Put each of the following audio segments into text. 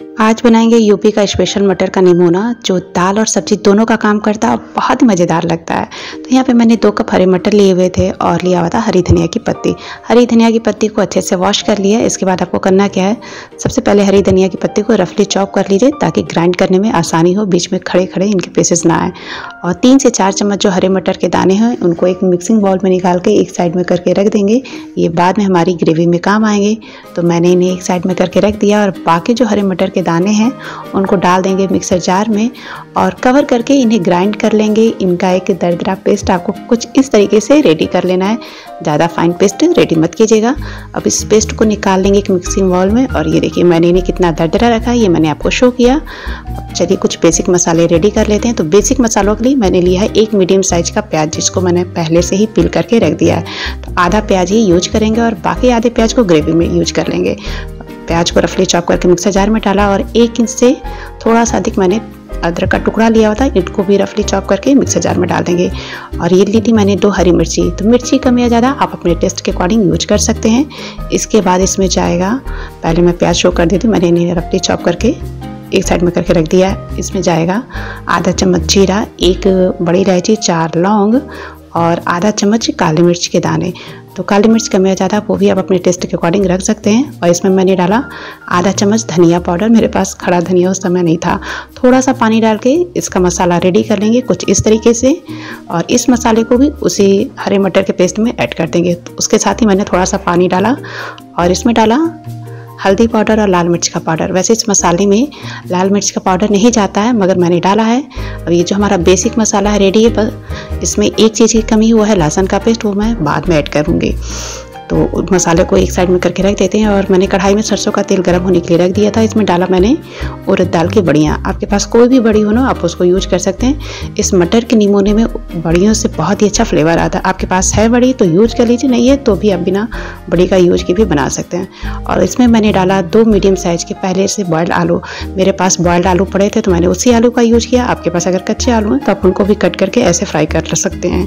you आज बनाएंगे UP का स्पेशल मटर का निमोना जो दाल और सब्जी दोनों का काम करता है और बहुत ही मज़ेदार लगता है तो यहाँ पे मैंने दो कप हरे मटर लिए हुए थे और लिया हुआ था हरी धनिया की पत्ती हरी धनिया की पत्ती को अच्छे से वॉश कर लिया इसके बाद आपको करना क्या है सबसे पहले हरी धनिया की पत्ती को रफली चॉप कर लीजिए ताकि ग्राइंड करने में आसानी हो बीच में खड़े खड़े इनके पीसेस ना आए और तीन से चार चम्मच जो हरे मटर के दाने हैं उनको एक मिक्सिंग बॉल में निकाल के एक साइड में करके रख देंगे ये बाद में हमारी ग्रेवी में काम आएंगे तो मैंने इन्हें एक साइड में करके रख दिया और बाकी जो हरे मटर के दाने हैं उनको डाल देंगे मिक्सर जार में और कवर करके इन्हें ग्राइंड कर लेंगे इनका एक दरदरा पेस्ट आपको कुछ इस तरीके से रेडी कर लेना है ज़्यादा फाइन पेस्ट रेडी मत कीजिएगा अब इस पेस्ट को निकाल लेंगे एक मिक्सिंग बॉल में और ये देखिए मैंने इन्हें कितना दरदरा रखा है ये मैंने आपको शो किया चलिए कुछ बेसिक मसाले रेडी कर लेते हैं तो बेसिक मसालों के लिए मैंने लिया है एक मीडियम साइज का प्याज जिसको मैंने पहले से ही पिल करके रख दिया है तो आधा प्याज ही यूज करेंगे और बाकी आधे प्याज को ग्रेवी में यूज कर लेंगे प्याज को रफली चॉप करके मिक्सर जार में डाला और एक इंच से थोड़ा सा अधिक मैंने अदरक का टुकड़ा लिया हुआ था इनको भी रफली चॉप करके मिक्सर जार में डाल देंगे और ये ली थी मैंने दो हरी मिर्ची तो मिर्ची कम या ज़्यादा आप अपने टेस्ट के अकॉर्डिंग यूज कर सकते हैं इसके बाद इसमें जाएगा पहले मैं प्याज शो कर दी थी मैंने इन्हें रफली चॉप करके एक साइड में करके रख दिया इसमें जाएगा आधा चम्मच जीरा एक बड़ी इलायची चार लौंग और आधा चम्मच काली मिर्च के दाने तो काली मिर्च कम या ज़्यादा वो भी आप अपने टेस्ट के अकॉर्डिंग रख सकते हैं और इसमें मैंने डाला आधा चम्मच धनिया पाउडर मेरे पास खड़ा धनिया उस समय नहीं था थोड़ा सा पानी डाल के इसका मसाला रेडी कर लेंगे कुछ इस तरीके से और इस मसाले को भी उसी हरे मटर के पेस्ट में ऐड कर देंगे तो उसके साथ ही मैंने थोड़ा सा पानी डाला और इसमें डाला हल्दी पाउडर और लाल मिर्च का पाउडर वैसे इस मसाले में लाल मिर्च का पाउडर नहीं जाता है मगर मैंने डाला है और ये जो हमारा बेसिक मसाला है रेडी है इसमें एक चीज़ की कमी हुआ है लहसन का पेस्ट वो मैं बाद में ऐड करूँगी तो मसाले को एक साइड में करके रख देते हैं और मैंने कढ़ाई में सरसों का तेल गर्म होने के लिए रख दिया था इसमें डाला मैंने उड़द दाल की बड़ियाँ आपके पास कोई भी बड़ी हो ना आप उसको यूज कर सकते हैं इस मटर के निमोने में बड़ियों से बहुत ही अच्छा फ्लेवर आता है आपके पास है बड़ी तो यूज कर लीजिए नहीं है तो भी आप बिना बड़ी का यूज के भी बना सकते हैं और इसमें मैंने डाला दो मीडियम साइज़ के पहले से बॉयल्ड आलू मेरे पास बॉयल्ड आलू पड़े थे तो मैंने उसी आलू का यूज किया आपके पास अगर कच्चे आलू हैं तो आप उनको भी कट करके ऐसे फ्राई कर सकते हैं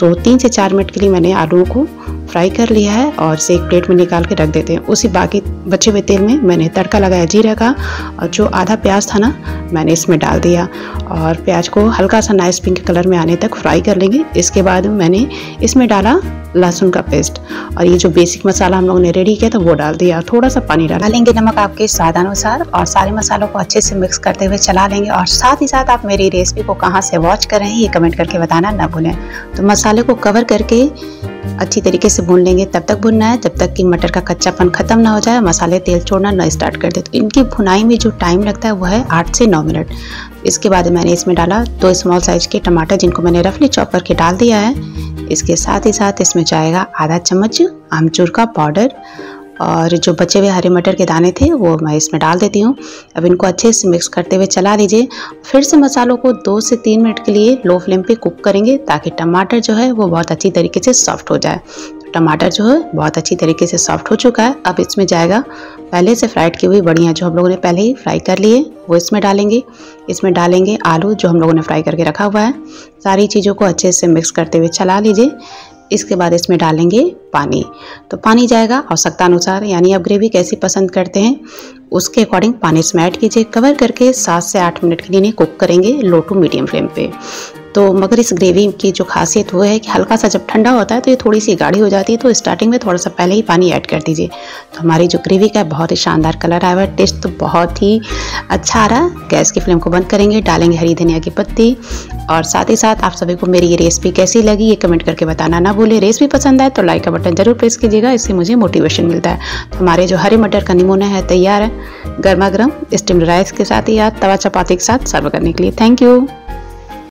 तो तीन से चार मिनट के लिए मैंने आलू को फ्राई कर लिया है और इसे एक प्लेट में निकाल के रख देते हैं उसी बाकी बचे हुए तेल में मैंने तड़का लगाया जीरा का और जो आधा प्याज था ना मैंने इसमें डाल दिया और प्याज को हल्का सा नाइस पिंक कलर में आने तक फ्राई कर लेंगे इसके बाद मैंने इसमें डाला लहसुन का पेस्ट और ये जो बेसिक मसाला हम लोगों ने रेडी किया था वो डाल दिया थोड़ा सा पानी डाल डालेंगे नमक आपके स्वाद अनुसार और सारे मसालों को अच्छे से मिक्स करते हुए चला लेंगे और साथ ही साथ आप मेरी रेसिपी को कहाँ से वॉच कर रहे हैं ये कमेंट करके बताना ना भूलें तो मसाले को कवर करके अच्छी तरीके से भून लेंगे तब तक भुनना है जब तक कि मटर का कच्चापन खत्म ना हो जाए मसाले तेल छोड़ना ना स्टार्ट कर दे तो इनकी भुनाई में जो टाइम लगता है वह है आठ से नौ मिनट इसके बाद मैंने इसमें डाला दो स्मॉल साइज के टमाटर जिनको मैंने रफली चॉप करके डाल दिया है इसके साथ ही साथ इसमें जाएगा आधा चम्मच आमचूर का पाउडर और जो बचे हुए हरे मटर के दाने थे वो मैं इसमें डाल देती हूँ अब इनको अच्छे से मिक्स करते हुए चला दीजिए फिर से मसालों को दो से तीन मिनट के लिए लो फ्लेम पे कुक करेंगे ताकि टमाटर जो है वो बहुत अच्छी तरीके से सॉफ्ट हो जाए तो टमाटर जो है बहुत अच्छी तरीके से सॉफ्ट हो चुका है अब इसमें जाएगा पहले से फ्राइड की हुई बढ़िया जो हम लोगों ने पहले ही फ्राई कर लिए वो इसमें डालेंगे इसमें डालेंगे आलू जो हम लोगों ने फ्राई करके रखा हुआ है सारी चीज़ों को अच्छे से मिक्स करते हुए चला लीजिए इसके बाद इसमें डालेंगे पानी तो पानी जाएगा आवश्यकता अनुसार यानी आप ग्रेवी कैसी पसंद करते हैं उसके अकॉर्डिंग पानी इसमें ऐड कीजिए कवर करके सात से आठ मिनट के लिए कुक करेंगे लो टू मीडियम फ्लेम पे तो मगर इस ग्रेवी की जो खासियत वो है कि हल्का सा जब ठंडा होता है तो ये थोड़ी सी गाढ़ी हो जाती है तो स्टार्टिंग में थोड़ा सा पहले ही पानी ऐड कर दीजिए तो हमारी जो ग्रेवी का बहुत ही शानदार कलर आया हुआ है टेस्ट तो बहुत ही अच्छा आ रहा है गैस की फ्लेम को बंद करेंगे डालेंगे हरी धनिया की पत्ती और साथ ही साथ आप सभी को मेरी ये रेसिपी कैसी लगी ये कमेंट करके बताना ना भूलें रेसिपी पसंद आए तो लाइक का बटन जरूर प्रेस कीजिएगा इससे मुझे मोटिवेशन मिलता है तो हमारे जो हरे मटर का निमोना है तैयार है गर्मा गर्म स्टीम्ड राइस के साथ या तवा चपाती के साथ सर्व करने के लिए थैंक यू